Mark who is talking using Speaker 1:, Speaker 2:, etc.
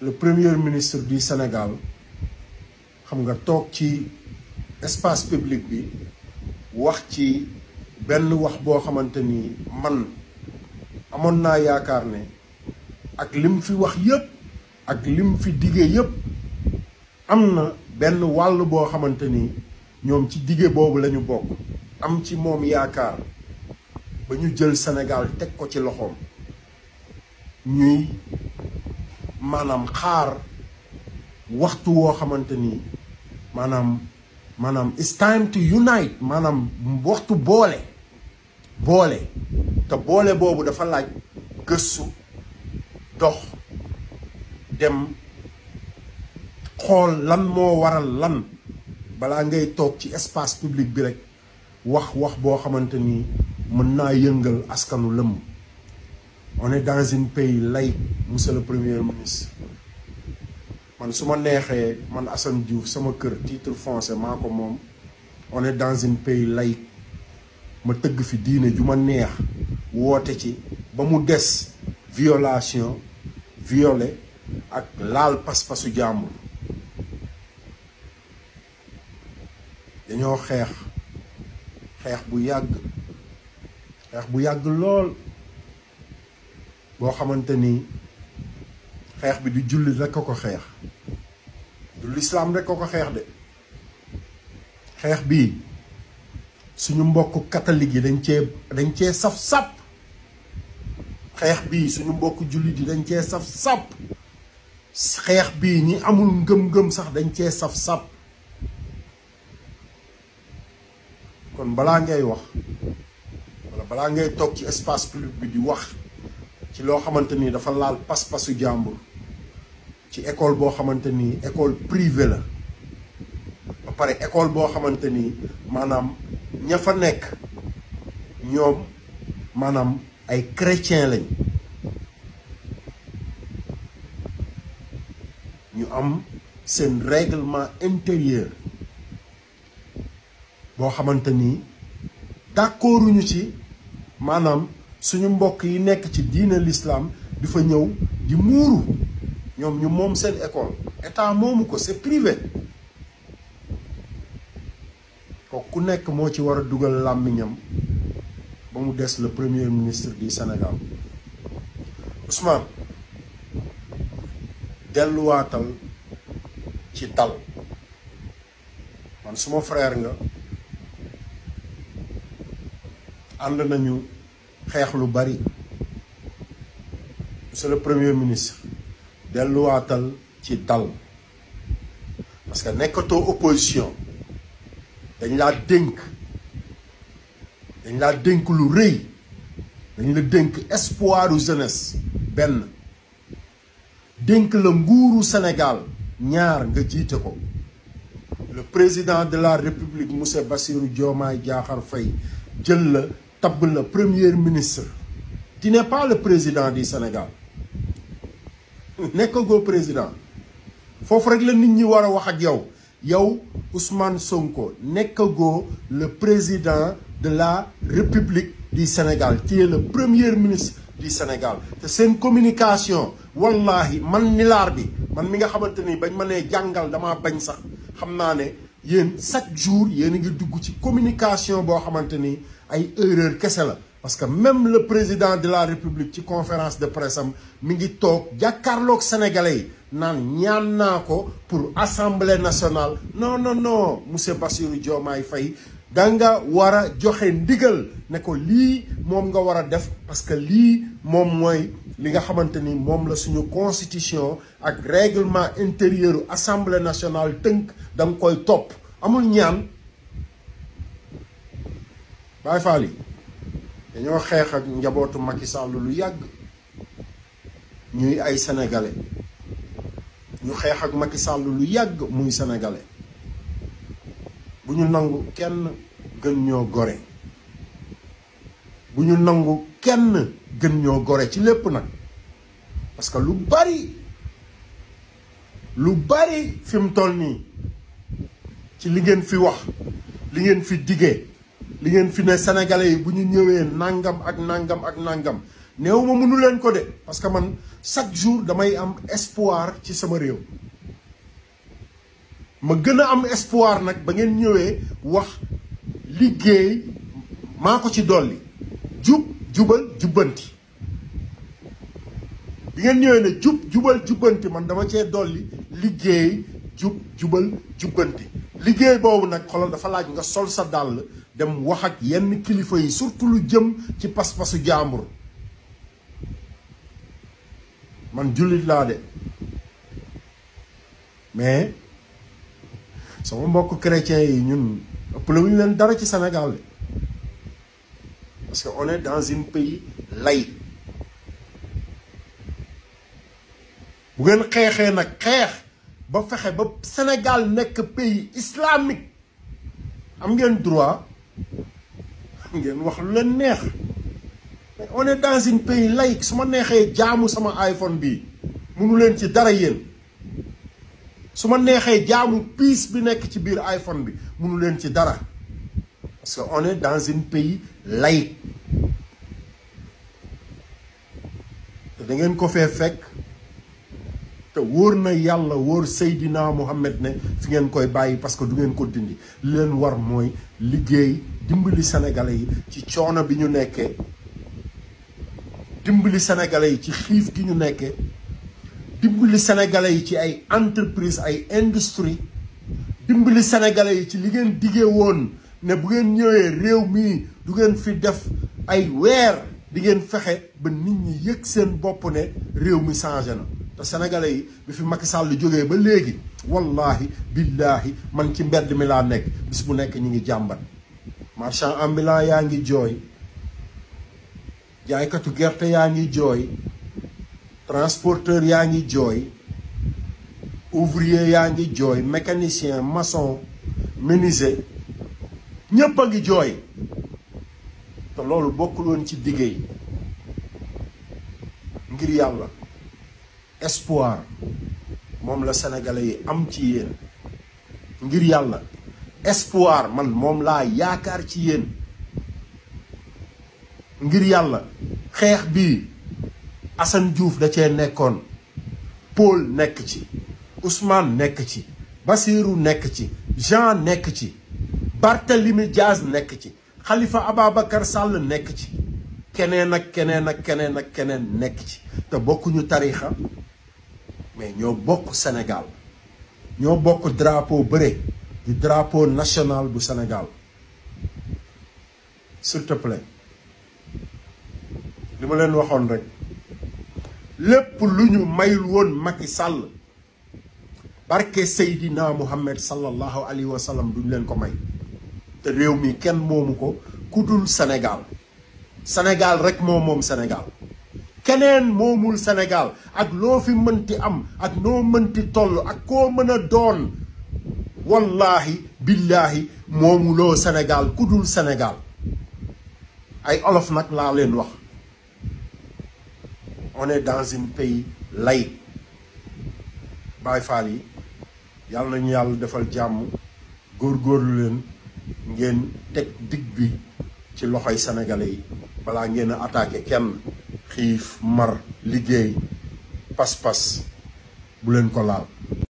Speaker 1: le premier ministre du Sénégal xam nga toog ci espace public bi wax ci benn wax boo xamante ni man amoon naa yaakaar ne ak lim fi wax yépp ak lim fi diggee yépp am na benn wàll boo xamante ni ñoom ci diggee boobu lañu bokk am ci moom yaakaar ba ñu jël Sénégal teg ko ci loxoom ñuy maanaam xaar waxtu woo xamante ni maanaam maanaam it's time to unite maanaam waxtu boole boole te boole boobu dafa laaj gëstu dox dem xool lan moo waral lan balaa ngay toog ci espace public bi rek wax wax boo xamante ni mën naa yëngal askanu lëmm on dans un pays laïque monsieur le premier ministre man su ma neexee man Assane Diouf sama kër titre foncier maa ko moom on dans un pays laïque ma tëgg fi diine ju ma neex woote ci ba mu des violation violé ak laal pas-pasu jàmbur dañoo xeex xeex bu yàgg xeex bu yàgg lool boo xamante ni xeex bi di jullit rekk ko ko xeex du lislaam rek ko xeex de xeex bii suñu mbokk catholique yi dañ cee dañ cee saf-sàpp xeex bii suñu mbokk jullit yi dañ cee saf-sàpp xeex bii ñi amul ngëm-ngëm sax dañ cee saf-sàpp kon balaa ngay wax wala balaa ngay toog ci espace public bi di wax ci loo xamante ni dafa laal pas-pasu jàmbur ci école boo xamante ni école privée la ba pare école boo xamante ni maanaam ña fa nekk ñoom maanaam ay chrétien lañ ñu am seen règlement intérieur boo xamante ni d'accorduñu ci maanaam suñu mbokk yi nekk ci diine l'islam di fa ñëw di muuru ñoom ñu moom seen école état moomu ko c'est privé ko ku nekk moo ci war a dugal làmmiñam ba mu des le premier ministre bi Sénégal Ousmane delluwaatal ci dal man suma frère nga ànd nañu xeex lu bari monsieur le premier ministre delluwaatal ci dal parce que nekkatoo opposition dañ laa dénk dañ laa dénk lu rëy dañ la dénk espoir u jeunesse benn dénk la nguuru Sénégal ñaar nga jiite ko le président de la république monsieur Bassirou joomaay Diakhar fay jël la tabb la premier ministre tu n'es pas le président du Sénégal nekkagoo président foofu rek la nit ñi war a wax ak yow yow Ousmane Sonko nekkagoo le président de la République du Sénégal tu es le ministre du Sénégal te seen communication wallahi man nilaar bi man mi nga xamante ni bañ ma nee jàngal dama bañ sax xam naa ne yéen chaque jour yéen a ngi dugg ci communication boo xamante ni ay erreur kese la parce que même le président de la république ci conférence de presse mi ngi toog jàkkaarlook sénégalais yi naan ñaan naa ko pour assemblée nationale non non non monsieur Bassirou Diomaye Faye da nga war a joxe ndigal ne ko lii moom nga war a def parce que lii moom mooy li nga xamante ni moom la suñu constitution ak règlement intérieur assemblée nationale tënk da koy topp amul ñaan Baay Faal yi dañoo xeex ak njabootu Macky Sall lu yàgg ñuy ay sénégalais ñu xeex ak Macky Sall lu yàgg muy sénégalais bu ñu nangu kenn gën ñoo gore bu ñu nangu kenn gën ñoo gore ci lépp nag parce que lu bari lu bari fi mu toll nii ci li ngeen fi wax li ngeen fi diggee li ngeen fi ne sénégalais yi bu ñu ñëwee nangam ak nangam ak nangam néew ma mënu leen ko de parce que man chaque jour damay am espoir ci sama réew ma gën a am espoir nag ba ngeen ñëwee wax liggéey maa ko ci dolli jub jubal jubbanti bi ngeen ñëwee ne jub jubal jubbanti man dama cee dolli liggéey jub jubal jubbanti liggéey boobu nag xolol dafa laaj nga sol sa dàll dem wax ak yenn kilifa yi surtout lu jëm ci pas-pasu jaambur man jullit laa de mais sama mbokk chrétien yi ñun ëpp la leen dara ci Sénégal parce que on est dans pays laïque bu ngeen xeexee nag xeex ba fexe ba Sénégal nekk pays islamique am ngeen droit am ngeen wax lu leen neex mais on est dans un pays laïque su ma neexee jaamu sama iPhone bi mënu leen ci dara yéen su ma neexee jaamu piis bi nekk ci biir iPhone bi munu leen ci dara parce que on est dans un pays te da ngeen ko fee fekk te wóor na yàlla wóor Seydina Mohamed ne fi ngeen koy bàyyi parce que du ngeen ko dindi leen war mooy liggéey dimbali sénégalais yi ci coono bi ñu nekkee dimbali sénégalais yi ci xiif gi ñu nekkee dimbali sénégalais yi ci ay entreprise ay industrie dimbali sénégalais yi ci li ngeen diggee woon ne bu ngeen ñëwee réew mi du ngeen fi def ay weer di ngeen fexe ba nit ñi yëg seen bopp ne réew mi changé na te sénégalais yi bi fi Macky Sall jógee ba léegi wallahi billahi man ci mbedd mi laa nekk bis bu nekk ñu ngi jàmbat marchand ambulant yaa ngi jooy jaaykatu gerte yaa ngi jooy transporteur yaa ngi jooy ouvrier yaa ngi jooy mécanisien mason menuisier ñépp a ngi jooy te loolu bokkul woon ci liggéey ngir yàlla espoir moom la sénégalais yi am ci yéen ngir yàlla espoir man moom laa yaakaar ci yéen ngir yàlla xeex bii Assane Diouf da cee nekkoon Paul nekk ci Ousmane nekk ci basiru nekk ci Jean nekk ci Barthélemy Diaz nekk ci xalifa Ababacar Sall nekk ci keneen ak keneen ak keneen ak keneen nekk ci te bokkuñu tarixa mais ñoo bokk Sénégal ñoo bokk drapeau bëre di drapeau national bu Sénégal s'il te plaît li waxoon rek lépp lu ñu mayul woon Macky Sall barke Seydina Muhammad sallallahu alayhi wa sallam duñ leen ko may te réew mi kenn moomu ko ku dul senegal Sénégal rek moo moom Sénégal keneen moomul Sénégal ak loo fi mënti am ak noo mënti toll ak koo mën a doon wallaahi billaahi moomuloo Sénégal ku dul Sénégal ay olof nag laa leen wax on est dans un pays laïque Baay Faal yi yàlla nañu yàlla defal jàmm góorlu leen ngeen teg dig bi ci loxoy sénégalais yi balaa ngeen a attaqué kenn xiif mar liggéey pas-pas bu ko laal